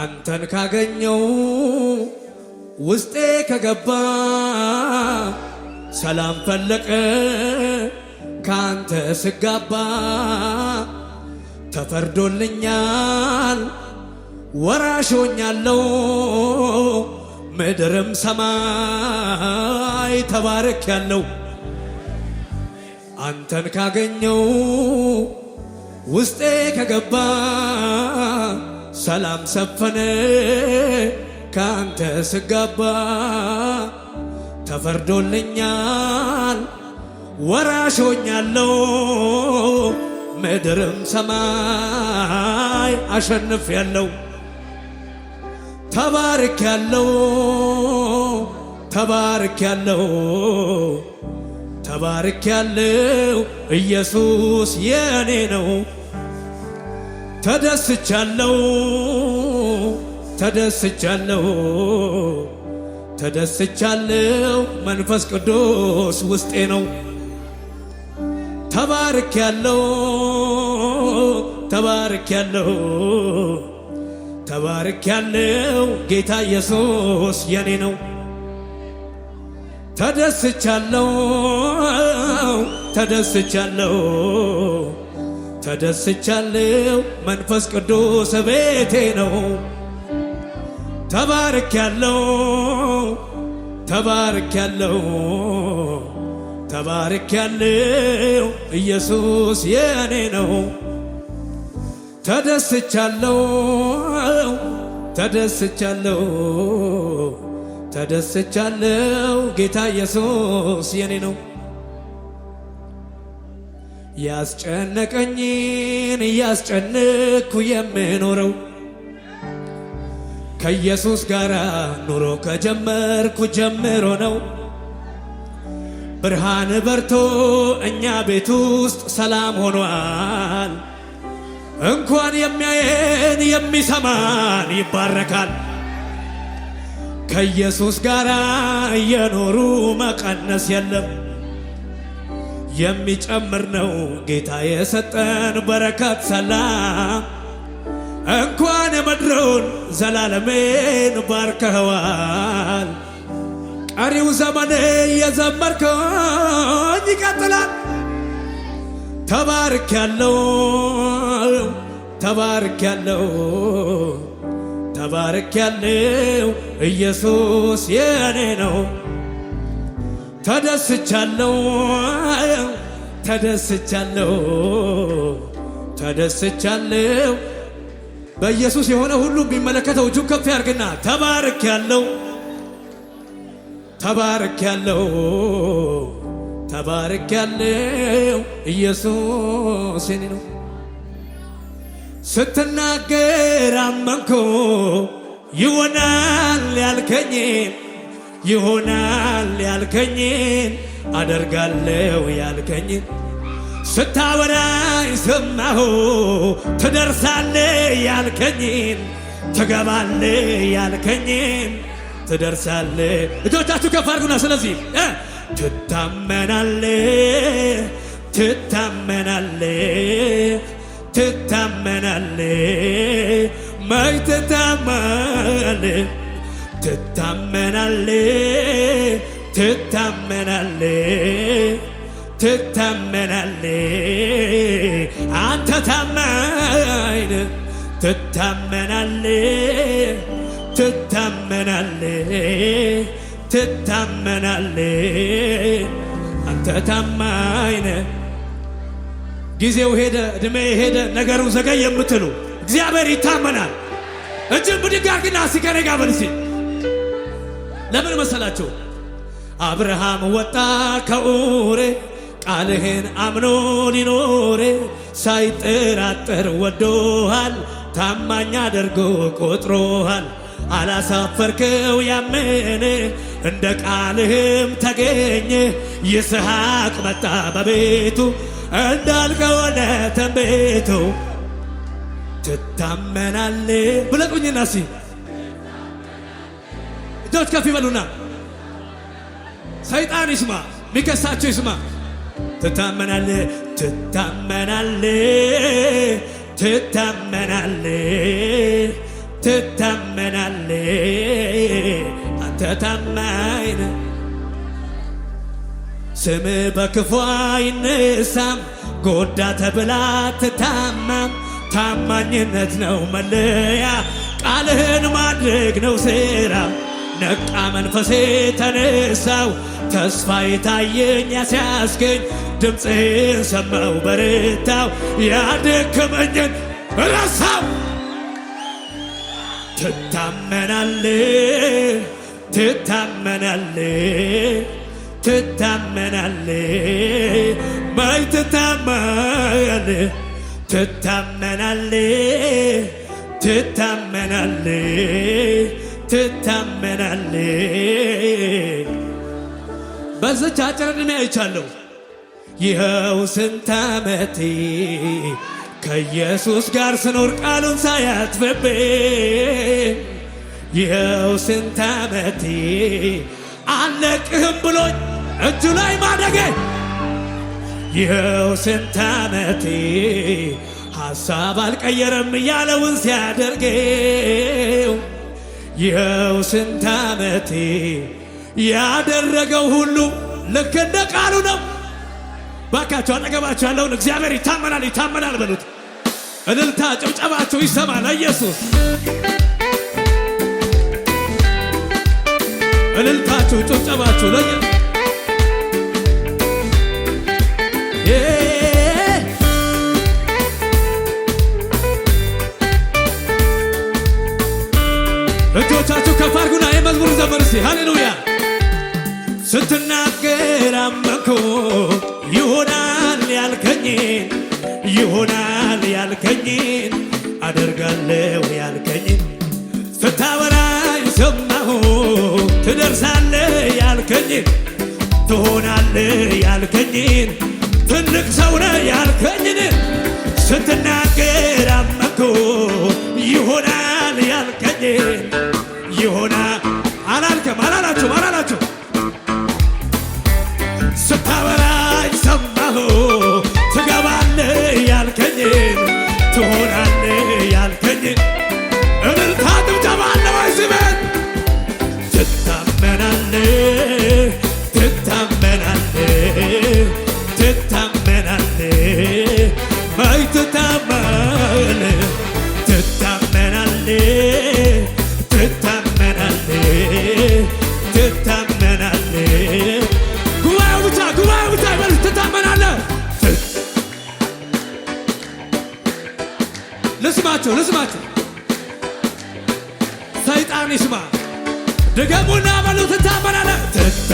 አንተን ካገኘው ውስጤ ከገባ ሰላም ፈለቀ ካንተ ስጋባ ተፈርዶልኛል ወራሾኛለው ምድርም ሰማይ ተባረክ ያለው አንተን ካገኘው ውስጤ ከገባ ሰላም ሰፈነ ከአንተ ስጋባ ተፈርዶልኛል ወራሾኛለው ምድርም ሰማይ አሸንፍ ያለው ተባርክ ያለው ተባርክ ያለው ተባርክ ያለው ኢየሱስ የኔ ነው ተደስቻለው ተደስቻለው ተደስቻለው መንፈስ ቅዱስ ውስጤ ነው። ተባርክ ያለው ተባርክ ያለው ተባርክ ያለው ጌታ ኢየሱስ የኔ ነው። ተደስቻለው ተደስቻለው ተደስቻለው መንፈስ ቅዱስ ቤቴ ነው። ተባርክ ያለው ተባርክ ያለው ተባርክ ያለው ኢየሱስ የኔ ነው። ተደስቻለው ተደስቻለው ተደስቻለው ጌታ ኢየሱስ የኔ ነው። ያስጨነቀኝን እያስጨነቅኩ የምኖረው ከኢየሱስ ጋር ኑሮ ከጀመርኩ ጀምሮ ነው። ብርሃን በርቶ እኛ ቤት ውስጥ ሰላም ሆኗል። እንኳን የሚያየን የሚሰማን ይባረካል። ከኢየሱስ ጋር እየኖሩ መቀነስ የለም። የሚጨምር ነው ጌታ የሰጠን በረከት ሰላም እንኳን የመድረውን ዘላለሜን ባርከኸዋል። ቀሪው ዘመን የዘመርከኝ ይቀጥላል። ተባርክ ያለው ተባርክ ያለው ተባርክ ያለው ኢየሱስ የኔ ነው። ተደስቻለው ተደስቻለው ተደስቻለው በኢየሱስ የሆነ ሁሉ የሚመለከተው እጁን ከፍ ያርግና ተባርክ ያለው ተባርክ ያለው ተባርክ ያለው ኢየሱስ የኔ ነው ስትናገር አመንኮ ይሆናል ያልከኝ ይሆናል ያልከኝን አደርጋለሁ ያልከኝን ስታወራኝ ሰማሁ ትደርሳለ ያልከኝን ትገባለ ያልከኝን ትደርሳለ እጆቻችሁ ከፍ አድርጉና ስለዚህ ትታመናለ ትታመናለ ትታመናለ መይ ትታመናለ ትታመናል ትታመናል ትታመናል አንተ ታማኝ ትታመናል ትታመናል ትታመናል አንተ ታማኝ ጊዜው ሄደ፣ እድሜ ሄደ፣ ነገሩ ዘገየ የምትሉ እግዚአብሔር ይታመናል። እጅን ብድግ አድርግና ሲከረጋ ለምን መሰላችሁ? አብርሃም ወጣ ከኡሬ ቃልህን አምኖ ሊኖሬ ሳይጠራጠር ወዶሃል ታማኝ አድርጎ ቆጥሮሃል። አላሳፈርከው ያመነ እንደ ቃልህም ተገኘ። ይስሐቅ መጣ በቤቱ እንዳልከሆነ ተንቤቱ ትታመናል ብለቁኝና ሲ እጆች ከፍ ይበሉና ሰይጣን ይስማ፣ ሚከሳቸው ይስማ። ትታመናል ትታመናል ትታመናል ትታመናል አንተ ታማኝ ስም በክፉ አይነሳም። ጎዳ ተብላ ትታማም ታማኝነት ነው መለያ ቃልህን ማድረግ ነው ሥራ ነቃ መንፈሴ ተነሳው ተስፋ የታየኝ ሲያስገኝ ድምፅህን ሰማው በረታው ያደከመኝን ረሳው ትታመናል ትታመናል ትታመናል ማይ ትታመናል ትታመናል ትታመናል ትታመናል። በዝች አጭር ዕድሜ አይቻለሁ። ይኸው ስንት ዓመቴ ከኢየሱስ ጋር ስኖር ቃሉን ሳያጥፍብኝ ይኸው ስንት ዓመቴ አለቅህም ብሎኝ እጁ ላይ ማደጌ ይኸው ስንት ዓመቴ ሐሳብ አልቀየረም እያለውን ሲያደርጌ ይኸው ስንት ዓመቴ ያደረገው ሁሉ ልክ እንደ ቃሉ ነው። ባካቸው አጠገባቸው ያለውን እግዚአብሔር ይታመናል ይታመናል በሉት። እልልታ ጭብጨባቸው ይሰማል። ኢየሱስ እልልታችሁ ጭብጨባችሁ ለየ ሃሌሉያ ስትናገር አመንኩ ይሆናል ያልከኝን ይሆናል ያልከኝን አደርጋለሁ ያልከኝን ስታበራይ ሰማሁ ትደርሳለ ያልከኝን ትሆናለ ያልከኝን ትልቅ ሰውነ ያልከኝን ስትናገር አመንኩ ይሆናል ያልከኝን ድገሙና በሉት ታመናለ ትታ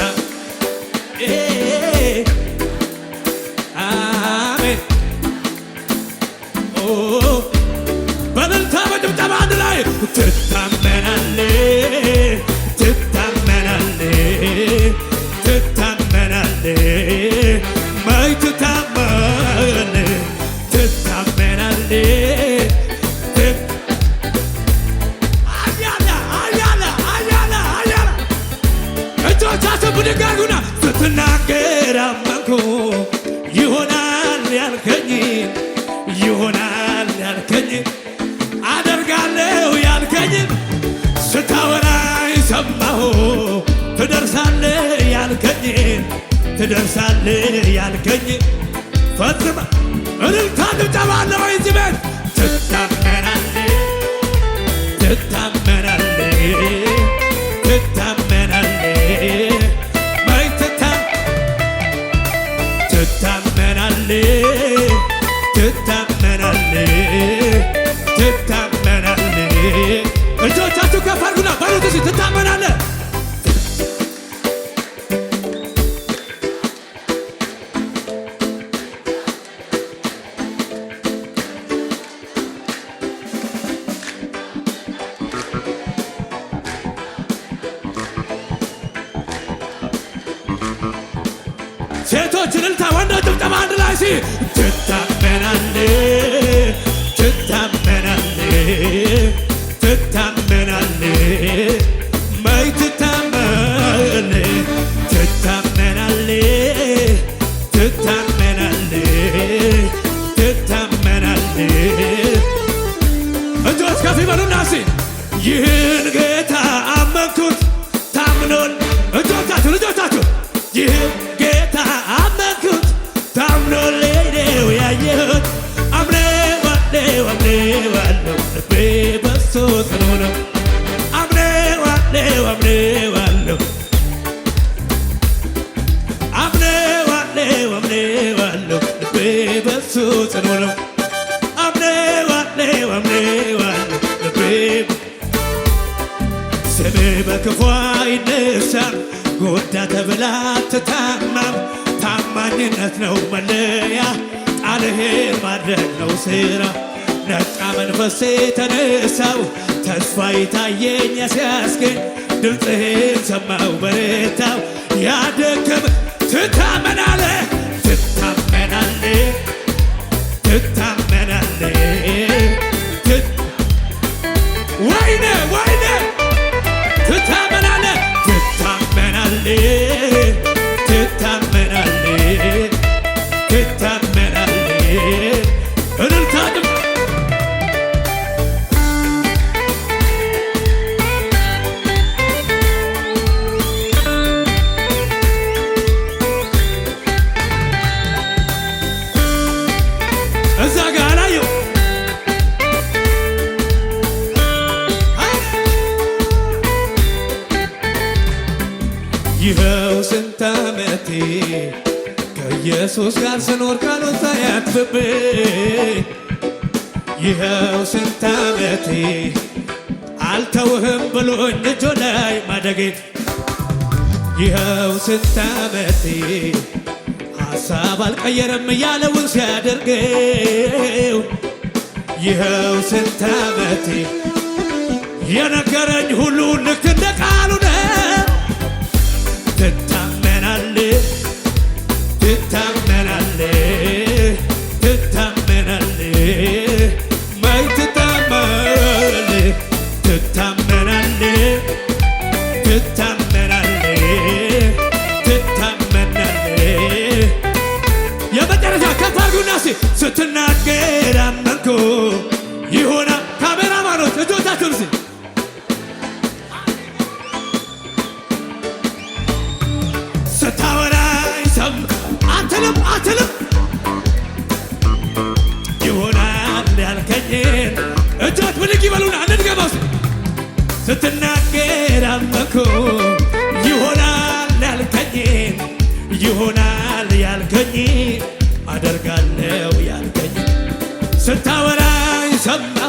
አሜን በልልታ በጭብጨባ አንድ ላይ ትታመናለ ያልገኝ see. ተብላ ትታማም ታማኝነት ነው መለያ ቃልህን ማድረግ ነው ስራ ነቃ መንፈሴ ተነሳው ተስፋ ይታየኛ ሲያስገኝ ድምፅህን ሰማው በሬታው ያደክም ትታመናለ ትታመናለ ህይወቴ ከኢየሱስ ጋር ስኖር ቃሉ ሳያጥፍብኝ ይኸው ስንት ዓመቴ አልተውህም ብሎኝ እጁ ላይ ማደጌ ይኸው ስንት ዓመቴ ሀሳብ አልቀየረም እያለውን ሲያደርገው ይኸው ስንት ዓመቴ የነገረኝ ሁሉ ልክ እንደ ቃሉ ሁላችሁ ስታወራኝ ሰም አትልም አትልም ይሆናል ያልከኝን እጃት ስትናገር አመኩ ይሆናል ያልከኝን ይሆናል ስታወራኝ